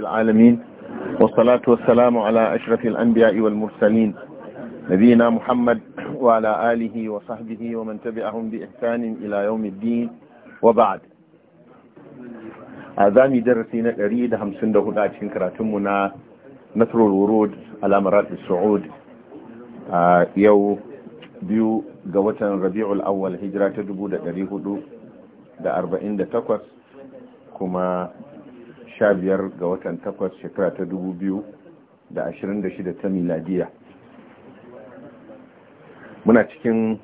العالمين والصلاة والسلام على أشرف الأنبياء والمرسلين نبينا محمد وعلى آله وصحبه ومن تبعهم بإحسان إلى يوم الدين وبعد أعزامي آه، درسين أريد هم سنده دهودا كراتمنا نثر الورود على مرات السعود آه، يو قوة ربيع الأول هجرة ga watan rabi'ul دا أربعين دا تقوى كما 15 ga watan takwas shekara ta dubu da shida ta miladiya muna cikin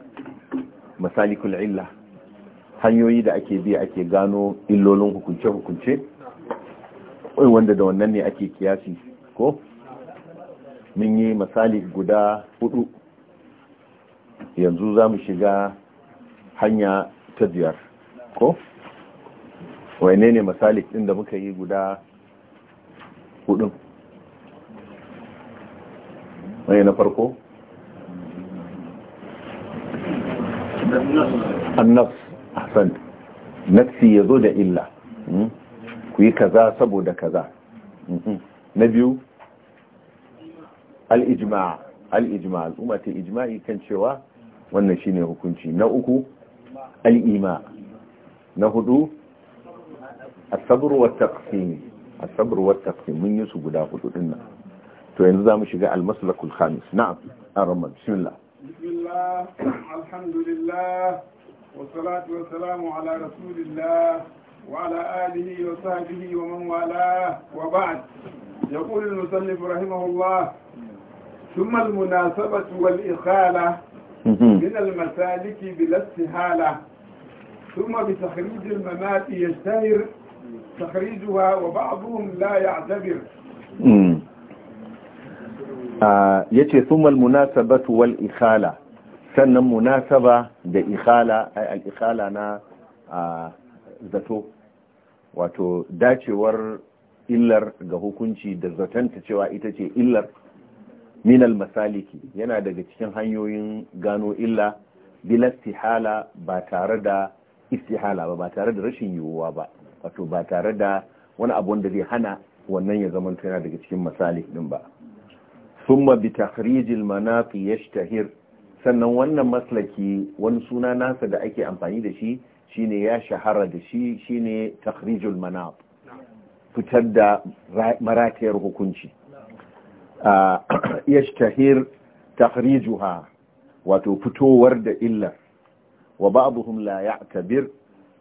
masalikul illa hanyoyi da ake bi ake gano illolin hukunce-hukunce wanda da wannan ne ake kiyasi ko mun yi misali guda hudu yanzu za mu shiga hanya ta biyar ko? wane ne misali ɗin da muka yi guda hudun wane na farko Annas Hassan, nafsi ya zo da illa hmm? ku yi kaza saboda kaza hmm. na biyu al'ijima, al'umma ta ijma'i kan cewa wannan shine hukunci na uku al'ima. na hudu الصبر والتقسيم الصبر والتقسيم من يسو غدا حدودنا تو yanzu zamu المسلك الخامس نعم al بسم الله بسم الله الحمد لله والصلاة والسلام على رسول الله وعلى آله وصحبه ومن والاه وبعد يقول المسلف رحمه الله ثم المناسبة والإخالة من المسالك بلا استهالة ثم بتخريج الممات يشتهر تخريجها وبعضهم لا يعتبر yace thumal munasabatu wal ikhala sannan munasaba da ikhala al ikhala na zato wato dacewar illar ga hukunci da zatanta cewa ita ce illar minal masaliki yana daga cikin hanyoyin gano illa bila istihala ba tare da istihala ba ba tare da rashin yiwuwa ba wato ba tare da wani abu wanda zai hana wannan ya zama tana daga cikin misali din ba summa bi takhrijil manaqi yashtahir sannan wannan maslaki wani suna nasa da ake amfani da shi shine ya shahara da shi shine takhrijul manaq fitar da maratayar hukunci yashtahir takhrijuha wato fitowar da illar wa ba'dhum la ya'tabir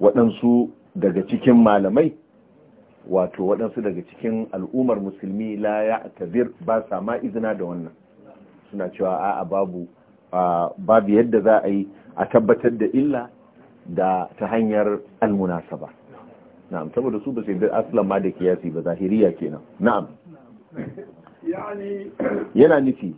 waɗansu daga cikin malamai wato waɗansu daga cikin al'ummar musulmi la ya tabir ba sa ma izina da wannan suna cewa a babu babu yadda za a yi a tabbatar da illa da ta hanyar almunasa ba. na'am saboda su ba sai da asulan ma da kiyasi ba zahiriya kenan na'am yana nufi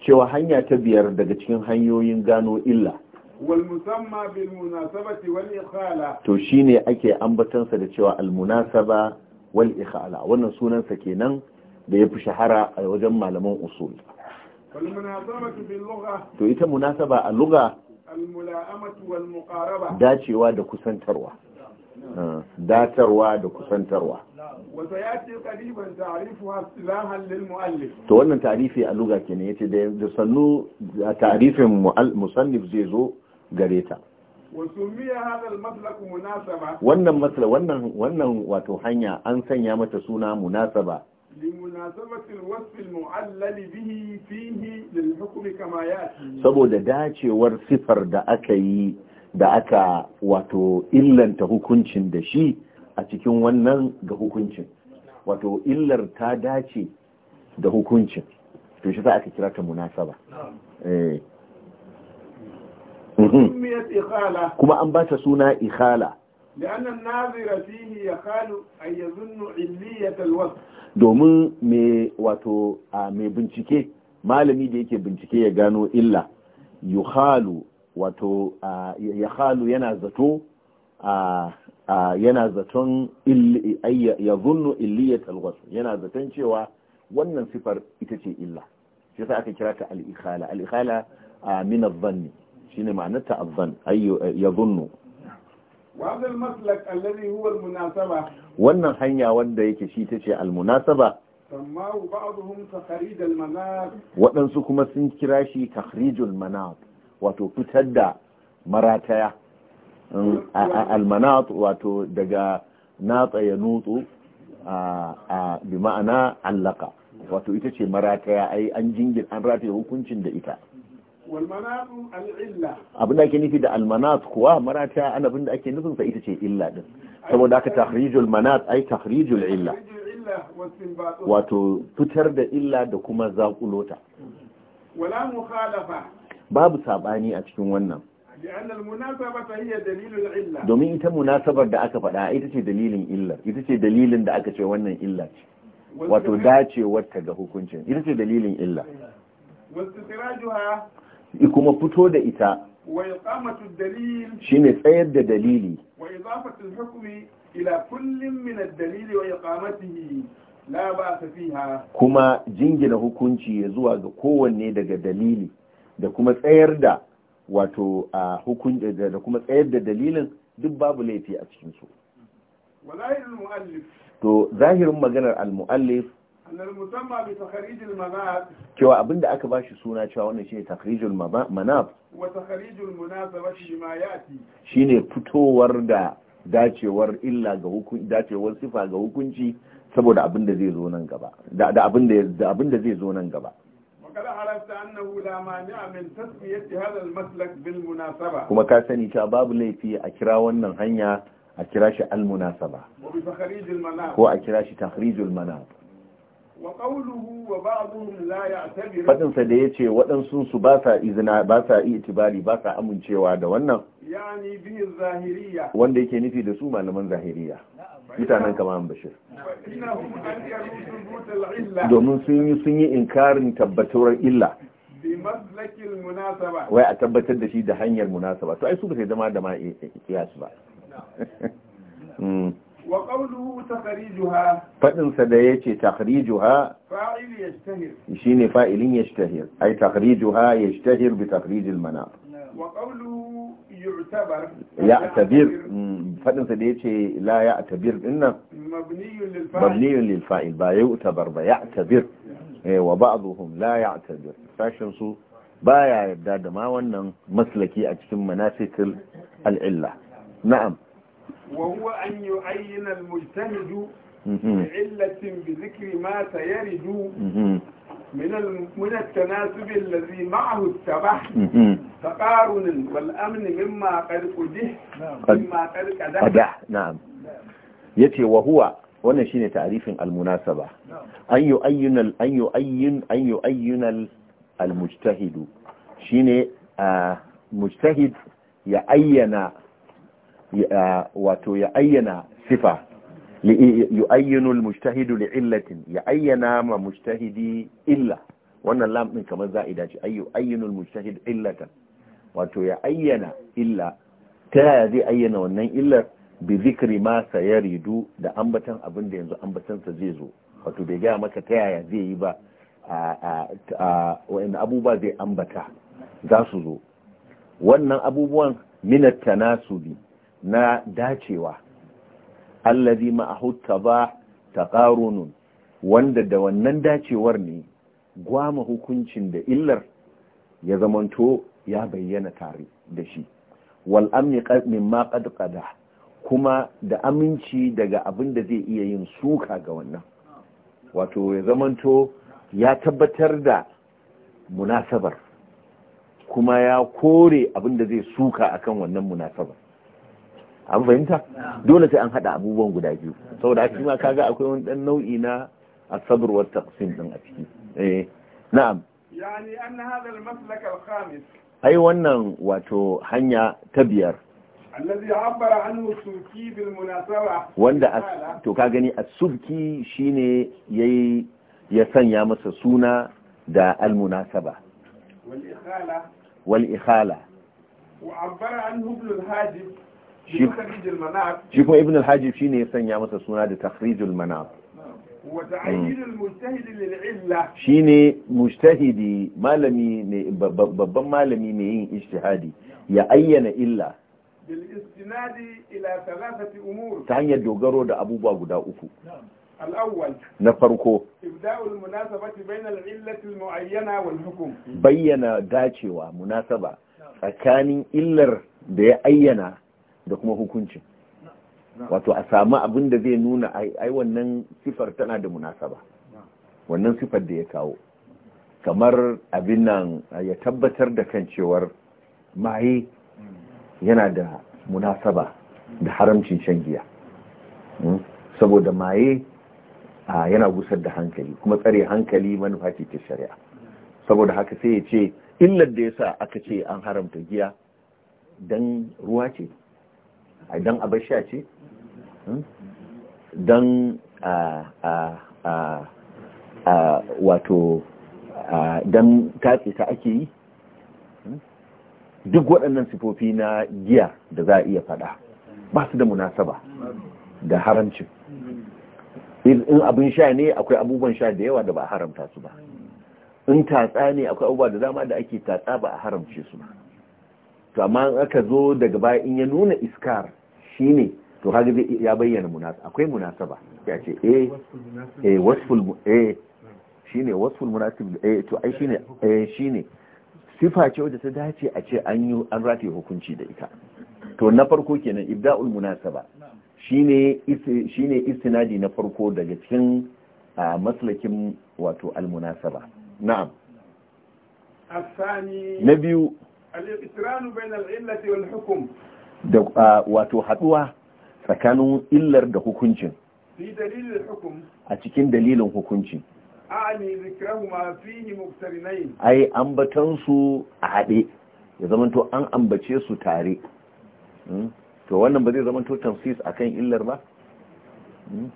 cewa hanya ta biyar daga cikin hanyoyin gano illa والمسمى بالمناسبة والإخالة تو شيني أكي أنبتن wal المناسبة wannan da ya shahara a wajen malaman usul to ita munasaba a muqaraba dacewa da kusantarwa ah, datarwa da kusantarwa to wannan tarifi a luga kenan yace da sannu tarifin musannif zai zo gare ta wannan masla wannan wannan wato hanya an sanya mata suna munasaba saboda dacewar sifar da aka yi da aka wato illanta hukuncin da shi a cikin wannan ga hukuncin wato illar ta dace da hukuncin to shi za aka kira ta munasaba kuma an ba ta suna ikhala domin mai wato mai bincike malami da yake bincike ya gano illa yuhalu wato ya halu yana zato yana zaton ya zunnu illiyar alwasu yana zaton cewa wannan sifar ita ce illa shi sa aka kira ta al'ikhala al'ikhala a minar zanni shine ma'anar ta'azzan ayyu yadhunnu wannan hanya wanda yake shi tace al-munasaba sammahu ba'dhum takhrij al-manat wadansu kuma sun kira shi takhrijul manat wato fitar da marataya mm, al wato daga natsa ya nutsu a bi ma'ana allaka wato ita ce marataya ai an jingir an rataye hukuncin da ita abin da ake nufi da almanat kuwa marata an abin da ake nufin sa ita ce illa din saboda aka tahrijul manat ai tahrijul illa wato fitar da illa da kuma zakulota wala mukhalafa babu sabani a cikin wannan domin ita munasabar da aka faɗa ita ce dalilin illa ita ce dalilin da aka ce wannan illa ce wato dacewar ta ga hukuncin ita ce dalilin illa kuma fito da ita shi ne tsayar da dalili kuma jingina hukunci ya zuwa ga kowanne daga dalili da kuma tsayar da wato a hukunci da kuma tsayar da dalilin duk babu laifi a cikinsu to zahirin maganar al-mu'allif cewa abin da aka ba shi suna cewa wannan shi ne takarijin manaf shi ne fitowar da dacewar illa ga hukunci dacewar sifa ga hukunci saboda abin da zai zo nan gaba da abin da zai zo nan gaba kuma ka sani cewa babu laifi a kira wannan hanya a kira shi al-munasaba ko a kira shi takrijul manaf Faɗinsa da ya ce waɗansu su ba sa izina ba sa itibari ba sa amincewa da wannan wanda yake nufi da su malaman zahiriya mutanen kama an bashir domin sun yi sun yi inkarin tabbatuwar illa wai a tabbatar da shi da hanyar munasaba to ai su ba sai zama da ma yi ba وقوله تخريجها فإن سديتي تخريجها فاعل يشتهر يشيني فاعل يشتهر أي تخريجها يشتهر بتخريج المناط نعم. وقوله يعتبر يعتبر فإن سديتي لا يعتبر إن مبني للفاعل مبني للفاعل با يعتبر با يعتبر إيه، وبعضهم لا يعتبر فاشن سو بايا yadda دماؤنا مسلكي أجسم مناسك العلة نعم وهو أن يعين المجتهد بعلة بذكر ما سيرد من من التناسب الذي معه التبح تقارن والأمن مما قد قده مما قد قدح نعم يتي وهو wannan shine ta'rifin almunasaba an yu'ayyin al an yu'ayyin an yu'ayyin al almujtahid shine mujtahid ya ayyana wato ya ayyana sifa yu'ayyinu al-mujtahidu illatin ya ayyana ma mujtahidi illa wannan lam din kamar za'ida ce ayyu ayyinu mujtahid illatan wato ya ayyana illa ta yaya zai ayyana wannan illar bi zikri ma sayaridu da ambatan abin da yanzu ambatansa zai zo wato bai gaya maka ta yaya zai yi ba wa'in abubuwa zai ambata za su zo wannan abubuwan minat tanasubi na dacewa allazi ma'ahu taba taqarunun wanda da wannan dacewar ne gwama hukuncin da illar ya zamanto ya bayyana tare da shi wal amni mimma qad kuma da aminci daga abin da zai iya yin suka ga wannan wato ya zamanto ya tabbatar da munasabar kuma ya kore abin da zai suka akan wannan munasabar an fahimta dole sai an hada abubuwan guda biyu saboda haka ma kaga akwai wani dan nau'i na asabr wa taqsim din a ciki eh na'am yani anna hadha al-maslak al-khamis ai wannan wato hanya ta biyar allazi abbara anhu subki bil munasaba wanda to ka gani as-subki shine yayi ya sanya masa suna da al-munasaba wal ikhala wal ikhala wa abbara anhu ibn al-hajib shi kuma ibn al-hajib ne ya sanya masa suna da takhrijul manaf hmm. shi ne mujtahidi malami ne babban malami ne yin ijtihadi ya ayyana illa ta hanyar dogaro da abubuwa guda uku na farko bayyana dacewa munasaba tsakanin illar da ya ayyana da kuma hukuncin wato a samu abin da zai nuna ai wannan sifar tana da munasaba wannan sifar da ya kawo kamar abin nan ya tabbatar da kan cewar maye yana da munasaba da haramcin shan giya hmm? saboda maye yana gusar da hankali kuma tsare hankali manufa ce ta shari'a saboda haka sai ya ce illar da ya sa aka ce an haramta giya don ruwa ce don a ce hmm? don wato don katse ta ake yi hmm? duk waɗannan sifofi na giya da za a iya faɗa ba su da munasaba da haramcin in abin sha ne akwai abubuwan sha da yawa da ba a haramta su ba in tatsa ne akwai abubuwa da dama da ake tatsa ba a haramce su ba to amma aka zo daga baya in ya nuna iskar shine to kaga zai ya bayyana munasaba akwai munasaba ya ce eh eh wasful eh shine wasful munasib eh to ai shine eh shine sifa ce wadda ta dace a ce an yi an rataye hukunci da ita to na farko kenan ibda'ul munasaba shine shine istinadi na farko daga cikin maslakin wato almunasaba na'am na biyu da wato haduwa tsakanin illar da hukuncin a cikin dalilin hukunci ai ambatansu a haɗe ya zamanto an ambace su tare hmm? to wannan ba zai zamanto tamsis akan illar ba hmm?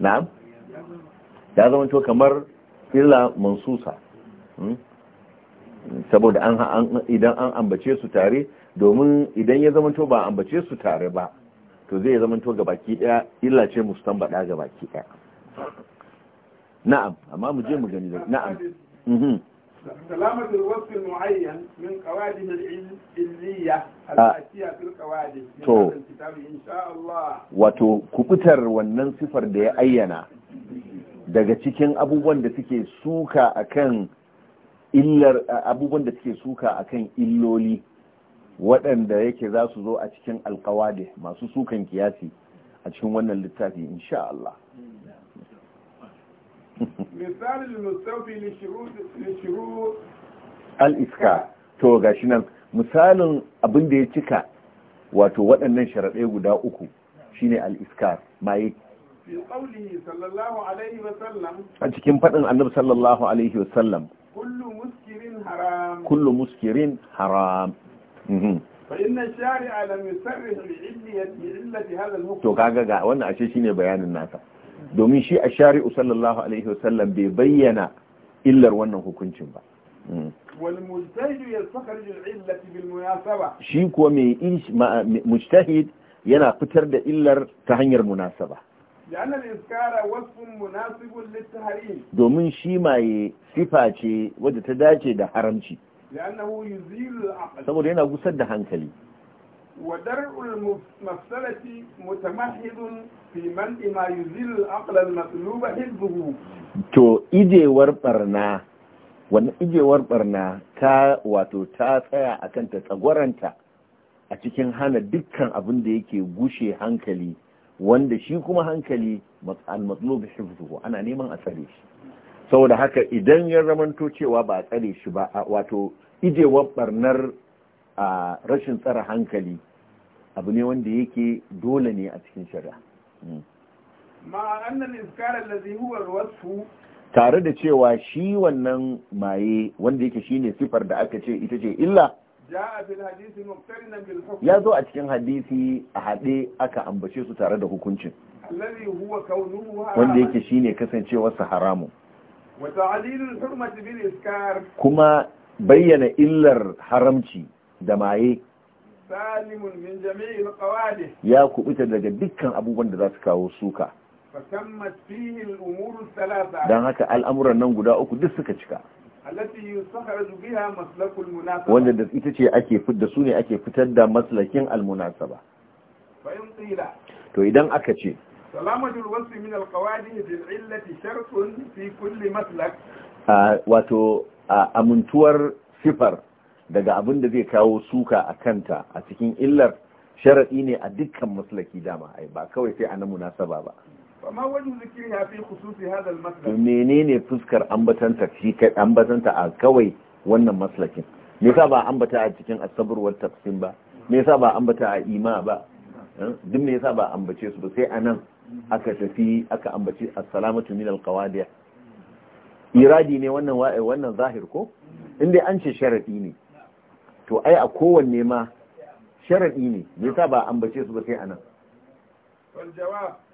na'am ya zamanto kamar illa mansusa hmm? saboda idan an ambace su tare domin idan ya zamanto ba ambace su tare ba to zai zamanto ga baki daya illa ce mustanbada ga baki daya na'am amma mu je mu gani na'am mhm سلامة الوصف المعين من قوادم العلية الآتية في القوادم من الكتاب إن شاء الله وتو كبتر sifar da ya ayyana daga cikin abubuwan da suke suka akan illar abubuwan da suke suka akan illoli waɗanda yake za su zo a cikin alkawade masu sukan kiyasi a cikin wannan littafi insha Allah al-iska to gashi nan misalin abin da ya cika wato waɗannan sharaɗe guda uku shine al-iskar maye a cikin faɗin annabi sallallahu alaihi wasallam kullu muskirin haram Mhm. فإن الشارع لم يصرح بعلة هذا الحكم تو كاغا ga wannan ashe shine bayanin nasa domin shi ashari'u sallallahu alaihi bai bayyana illar wannan hukuncin ba wal mujtahid yastakhrij al-illah bil munasaba shi ko mai mujtahid yana fitar da illar ta hanyar munasaba domin shi maye sifa ce wadda ta dace da haramci saboda yana gusar da hankali ودرء المفصلة متمحض في منع ima يزيل العقل المطلوب حفظه to ijewar barna wannan ijewar barna ta wato ta tsaya akan ta tsagwaranta a cikin hana dukkan abin da yake gushe hankali wanda shi kuma hankali al matlubi hifzuhu ana neman a tsare shi saboda haka idan ya ramanto cewa ba a tsare shi ba wato idewar barnar a rashin tsara hankali abu ne wanda yake dole ne a cikin shari'a hmm. tare da cewa shi wannan maye wanda yake shine sifar da aka ce ita ce illa ya zo a cikin hadisi a haɗe aka ambace su tare da hukuncin wanda yake shine kasancewarsa haramun kuma bayyana illar haramci da maye ya kubuta daga dukkan abubuwan da za su kawo suka don haka al'amuran nan guda uku duk suka cika wanda da ita ce ake da su ne ake fitar da maslakin almunasaba to idan aka ce سلامة الوصف من القواعد بالعلة شرط في كل مسلك واتو أمنتور صفر daga abin da zai kawo suka a kanta a cikin illar sharaɗi ne a dukkan maslaki dama ai ba kawai sai a na munasaba ba amma wajen zikiri ya fi khususi hadal maslaki menene fuskar ambatanta shi kai ambatanta a kawai wannan maslakin me yasa ba ambata a cikin asabr wal taqsim ba me yasa ba ambata a ima ba eh? duk me yasa ba ambace su ba sai anan aka tafi aka ambaci assalamatu min alqawadi iradi ne wannan wannan zahir ko inda an ce sharadi ne to ai a kowanne ma sharadi ne me yasa ba ambace su ba sai anan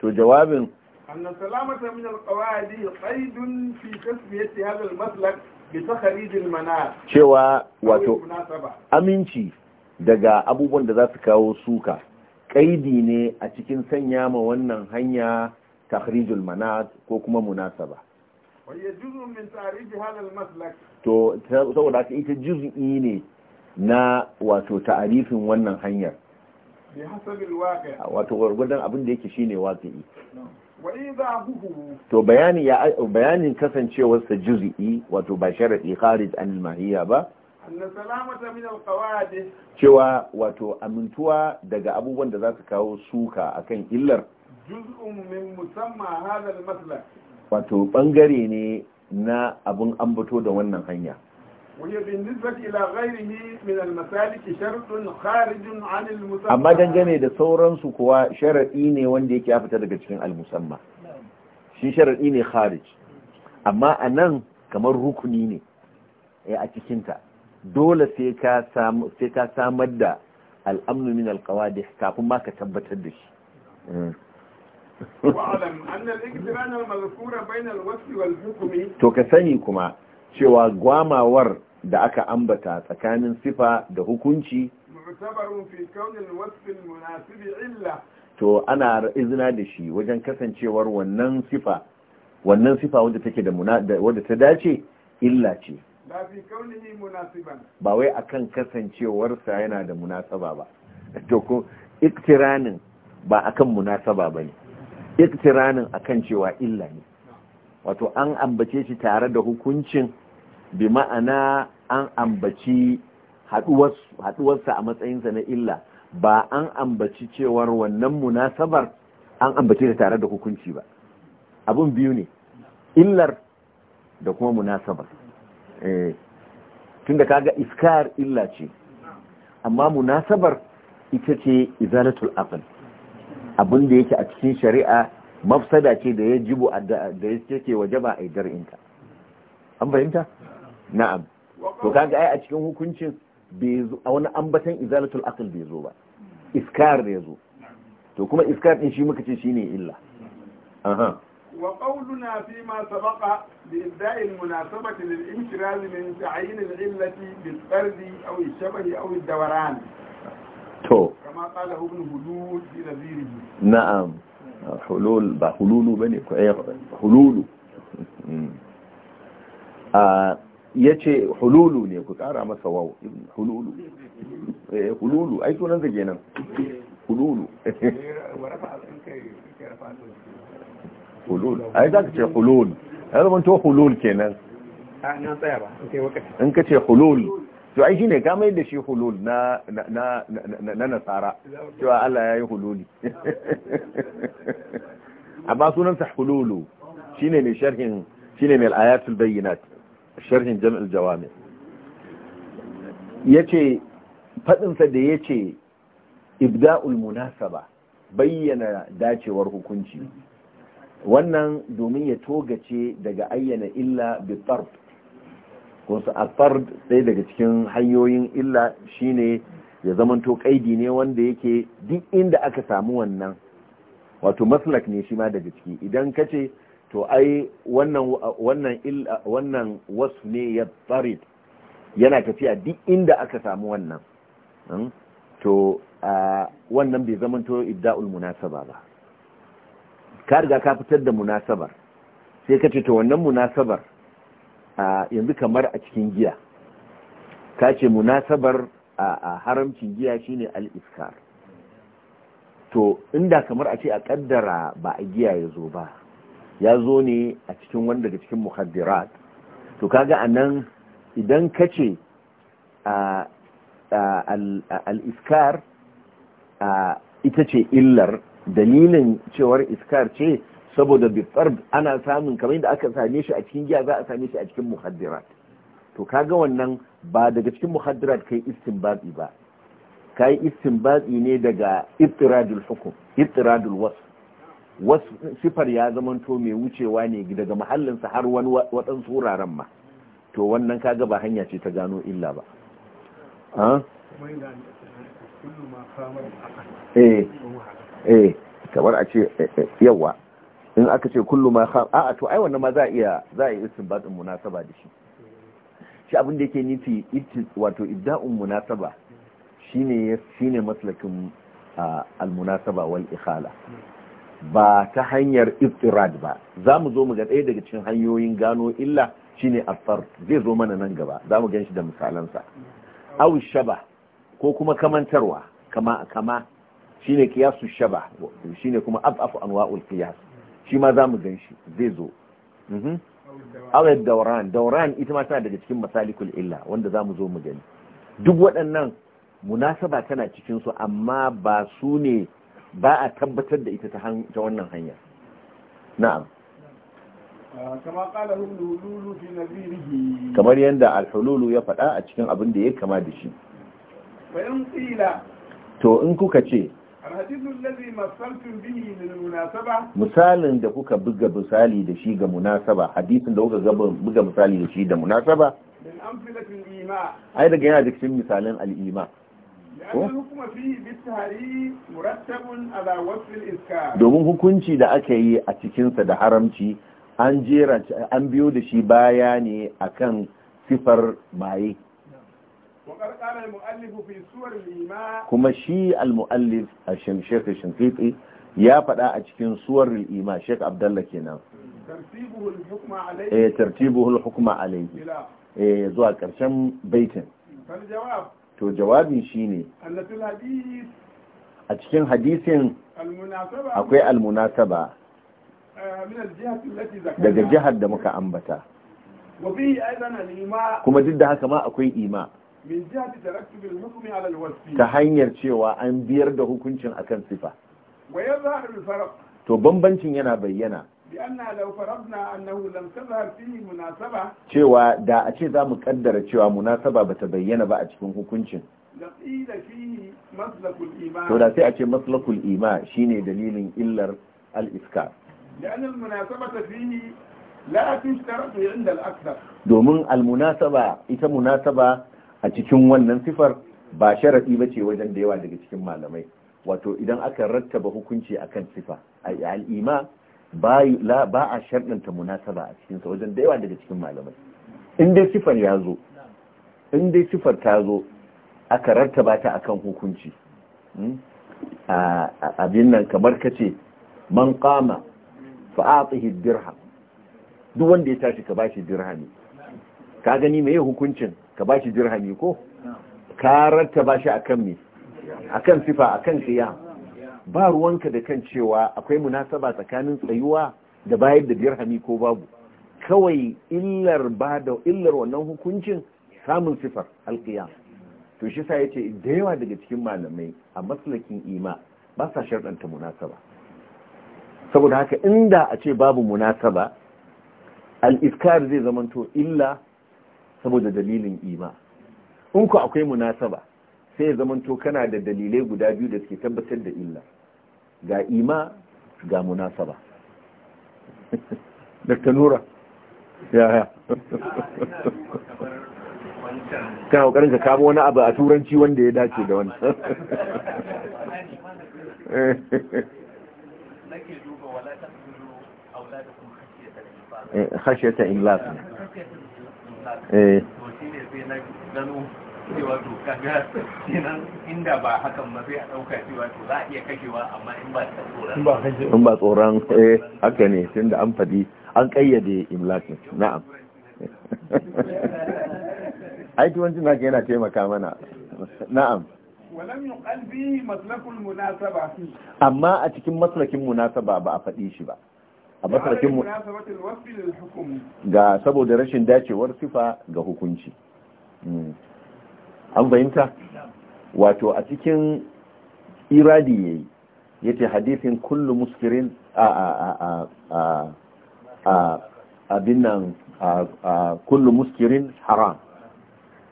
to jawabin أن السلامة من القواعد قيد في تسمية هذا المسلك بتخريج المنار Cewa واتو أمينشي daga abubuwan da za su kawo suka kaidi ne a cikin sanya ma wannan hanya takhrijul manat ko kuma munasaba to saboda haka ita juz'i ne na wato ta'arifin wannan hanyar wato gwargwadon abin da yake shine waqi'i to bayani ya bayanin kasancewarsa juz'i wato ba sharadi kharij an mahiya ba cewa wato amintuwa daga abubuwan da za su kawo suka akan illar wato bangare ne na abun ambato da wannan hanya amma dangane da sauransu kuwa sharaɗi ne wanda yake ya fita daga cikin almusamma shi sharaɗi ne kharij amma a nan kamar rukuni ne eh, a cikinta dole sai ka samar da al'amnu min alqawadih kafin ma ka tabbatar da shi to ka sani kuma cewa gwamawar da aka ambata tsakanin sifa da hukunci to ana izina da shi wajen kasancewar wannan sifa wannan sifa wadda ta dace illa ce ba wai akan kasancewarsa yana da munasaba ba to ko iktiranin ba akan munasaba ba ne iktiranin akan cewa illa ne wato an ambace shi tare da hukuncin bi ma'ana an ambaci haduwarsa a matsayinsa na illa ba an ambaci cewar wannan munasabar an ambace ta tare da hukunci ba abun biyu ne illar da kuma munasabar Eh, tun da kaga iskar illa ce amma munasabar ita ce izalatul aql abin da yake a cikin shari'a mafsada ce da ya jibu da ya ce wajaba a inta an fahimta na'am to kaga ai a cikin hukuncin a wani ambatan izalatul aql bai zo ba iskar ya zo to kuma iskar din shi muka ce shine illa وقولنا فيما سبق بإبداء المناسبة للإنشراز من تعين العلة بالفرد أو الشبه أو الدوران تو كما قاله ابن هلول في نذيره نعم حلول با حلول بني حلول yace hululu ne ku kara masa waw hululu eh hululu ai sunan sa kenan hululu wa rafa'a sun kai rafa'a hulul ai za ka ce hulul ya zama to hulul kenan in ka ce hulul to ai shine ka mai da shi hulul na na na nasara cewa Allah ya yi hululi amma sunansa hululu shine ne sharhin shine ne al-ayatul bayyinat sharhin jam'il jawami yace faɗinsa da yace ibda'ul munasaba bayyana dacewar hukunci wannan domin ya togace daga ayyana illa bi ko su sai daga cikin hanyoyin illa shine ya zamanto kaidi ne wanda yake duk inda aka samu wannan wato maslak ne shi ma daga ciki idan kace to ai wannan wannan illa ne ya tsarit yana tafiya duk inda aka samu wannan hmm? to wannan bai zamanto idda'ul munasaba ba ka riga ka fitar da munasabar sai ka ce to wannan munasabar a yanzu kamar a cikin giya ka ce munasabar a haramcin giya shine al-iskar to inda kamar a ce a kaddara ba a giya ya zo ba ya zo ne a cikin wani daga cikin muhaddirat to kaga a nan idan ka ce al-iskar ita ce illar dalilin cewar iskar ce saboda bifar ana samun kamar da aka same shi a cikin giya za a same shi a cikin muhaddirat to kaga wannan ba daga cikin muhaddirat kai istinbati ba kai istinbati ne daga ibtiradul hukum ibtiradul was was sifar ya zamanto mai wucewa ne daga mahallin sa har wani wadan wuraren ma to wannan kaga ba hanya ce ta gano illa ba Eh, eh, kamar a ce eh, yawa in aka ce kullu ma kham a to ai wannan ma za a iya za iya istinbatin munasaba da shi shi abin da yake nufi wato ibda'un munasaba shine shine maslakin al wal ikhala ba ta hanyar iftirad ba za mu zo mu ga ɗaya daga cikin hanyoyin gano illa shine afar zai zo mana nan gaba za mu gan shi da misalansa aw shaba ko kuma kamantarwa kama kama shine kiyasu shaba shine kuma afafu anwa'ul qiyas shi ma zamu ganshi zai zo mhm awai dauran dauran ita ma tana daga cikin masalikul illa wanda zamu zo mu gani duk waɗannan munasaba tana cikin su amma ba su ne ba a tabbatar da ita ta wannan hanya na'am ah, kamar yadda alhululu ya faɗa a cikin abin da ya kama da shi To in kuka ce, misalin da kuka buga misali da shi ga munasaba hadisin da kuka buga misali da shi da munasaba ai daga yana cikin misalin al'ima domin hukunci da aka yi a cikinsa da haramci an jera an biyo da shi baya ne akan sifar maye kuma shi al-mu'allif a shek shimfifi ya faɗa a cikin suwar ima shek abdalla kenan eh tartibu hukma alayhi eh zuwa ƙarshen baitin to jawabin shine a cikin hadisin akwai almunasaba daga jihar da muka ambata kuma duk da haka ma akwai ima ta hanyar cewa an biyar da hukuncin akan sifa to bambancin yana bayyana cewa da a ce za mu kaddara cewa munasaba ba ta bayyana ba a cikin hukuncin to da sai a ce maslakul ima shine dalilin illar al-iskar domin al-munasaba ita munasaba a cikin wannan sifar ba sharaɗi ba ce wajen da yawa daga cikin malamai wato idan aka rattaba hukunci akan sifa al'ima ba a sharɗanta munasaba a cikinsa wajen da yawa daga cikin malamai in dai sifar ya zo in dai sifar ta zo aka rattaba ta akan hukunci hmm? abin nan kamar ka ce man kama fa'atihi dirham duk wanda ya tashi ka ba bashi dirhami ka gani mai hukuncin ka ba shi dirhami ko ka ba shi akan me akan sifa akan qiyam ba ruwanka da kan cewa akwai munasaba tsakanin tsayuwa da bayar da dirhami ko babu kawai illar ba da illar wannan hukuncin samun sifar alqiyam to shi sa yace da yawa daga cikin malamai a maslakin ima ba sa sharɗanta munasaba saboda haka inda a ce babu munasaba al-iskar zai zamanto illa saboda dalilin ima in ku akwai munasaba sai ya zamanto kana da dalilai guda biyu da suke tabbatar da illa ga ima ga munasaba dr nura yaya kana kokarin ka kama wani abu a turanci wanda ya dace da wani eh. khashiyata eh shine sai na gano cewa to kaga kenan inda ba hakan ba sai a dauka cewa to za a iya kashewa amma in ba tsoron in ba tsoron eh haka ne tunda an fadi an kayyade imlakin na'am aiki tuwancin haka yana taimaka mana na'am amma a cikin maslakin munasaba ba a faɗi shi ba a mu ga saboda rashin dacewar sifa ga hukunci hmm. an fahimta wato a cikin iradi yayi yace hadisin kullu muskirin a a a a abin nan kullu muskirin haram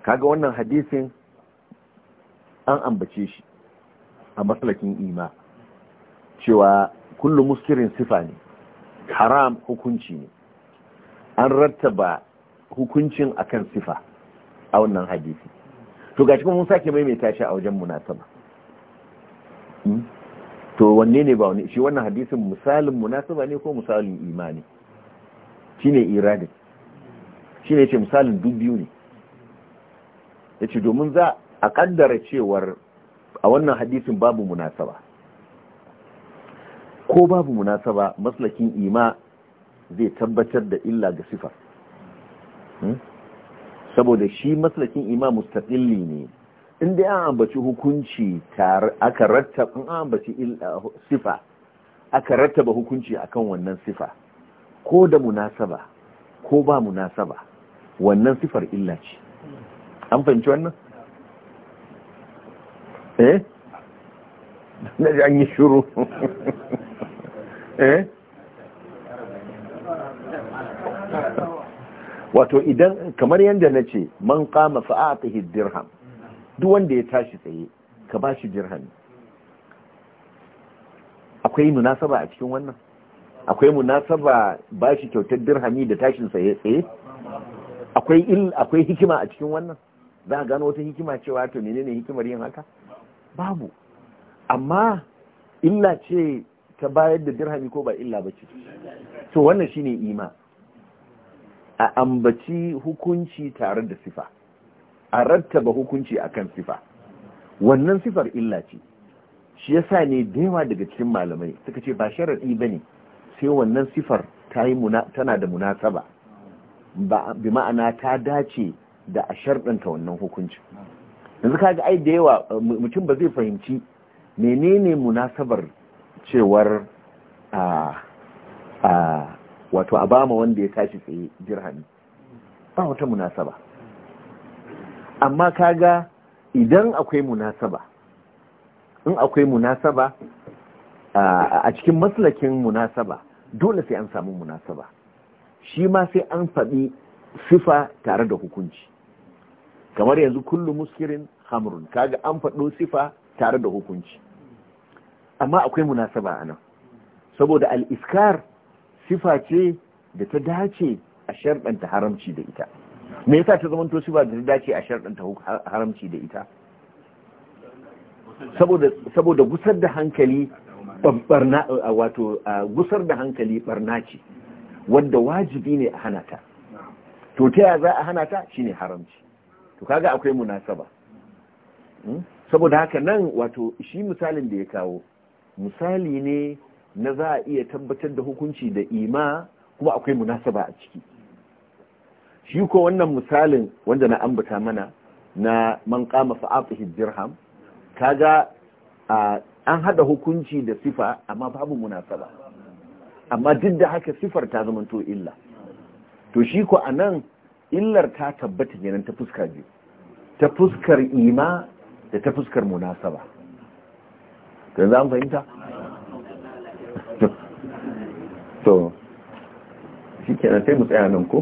kaga wannan hadisin an ambace shi a matsalakin ima cewa kullu muskirin sifa ne haram hukunci ne an rattaba hukuncin akan sifa a wannan hadisi to ga cikin mun sake maimaita shi a wajen munasaba hmm? to wanne ne ba wani shi wannan hadisin misalin munasaba ne ko misalin imani shine iradin shine ce misalin duk biyu ne yace domin za a kaddara cewar a wannan hadisin babu munasaba ko babu munasaba maslakin ima zai tabbatar da illa ga sifa hmm? saboda shi maslakin ima mustaqilli ne inda an ambaci hukunci aka rattaba an ambaci uh, sifa aka rattaba hukunci akan wannan sifa ko da munasaba ko ba munasaba wannan sifar illa ce an fahimci wannan eh na ji an yi shuru eh? wato idan kamar yadda na ce man kama fa'atihi dirham duk wanda ya tashi tsaye ka ba shi dirham akwai munasaba a cikin wannan akwai munasaba ba shi kyautar dirhami da tashin tsaye tsaye akwai il akwai hikima a cikin wannan za a gano wata hikima cewa to menene hikimar yin haka babu amma illa ce ta bayar da dirhami ko ba illa ba ce. to wannan shi ne ima a ambaci hukunci tare da sifa a rattaba hukunci a kan sifa wannan sifar illa ce shi yasa ne da yawa daga cikin malamai suka ce ba sharaɗi ba ne sai wannan sifar tana da munasaba bi ma'ana ta dace da a sharɗanta wannan hukunci yanzu kaga ai da yawa eh, mutum ba zai fahimci menene munasabar cewar a a wato a bama wanda ya tashi tsaye dirhami ba wata munasaba amma kaga idan akwai munasaba in akwai munasaba a cikin maslakin munasaba dole sai an samu munasaba shi ma sai an faɗi sifa tare da hukunci kamar yanzu kullum muskirin hamrun kaga an faɗo sifa tare da hukunci amma akwai munasaba a nan saboda al'iskar sifa ce da ta dace a sharɗanta haramci da ita me yasa ta zamanto sifa da ta dace a sharɗanta haramci da ita saboda gusar da hankali wato gusar da hankali barna ce wanda wajibi ne a hana ta to ta yaya za a hana ta shine haramci to kaga akwai munasaba hmm? saboda haka nan wato shi misalin da ya kawo misali ne na za a iya tabbatar da hukunci da ima kuma akwai munasaba a ciki shi ko wannan misalin wanda na ambata mana na man kama fa'afihi dirham kaga an hada hukunci da sifa amma babu munasaba amma duk da haka sifar ta zama to illa to shi ko nan illar ta tabbata kenan ta fuska biyu ta fuskar ima da ta fuskar munasaba da za mu fahimta? to shi kenan sai mu tsaya nan ko?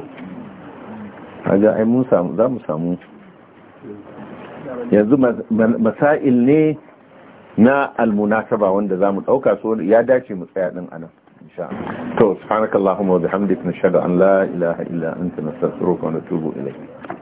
a ai mun samu za mu samu yanzu masail ne na almunasaba wanda za mu ɗauka so ya dace mu tsaya ɗin anan to subhanakallahumma wa bihamdika nashhadu an la ilaha illa anta nastaghfiruka wa natubu ilayk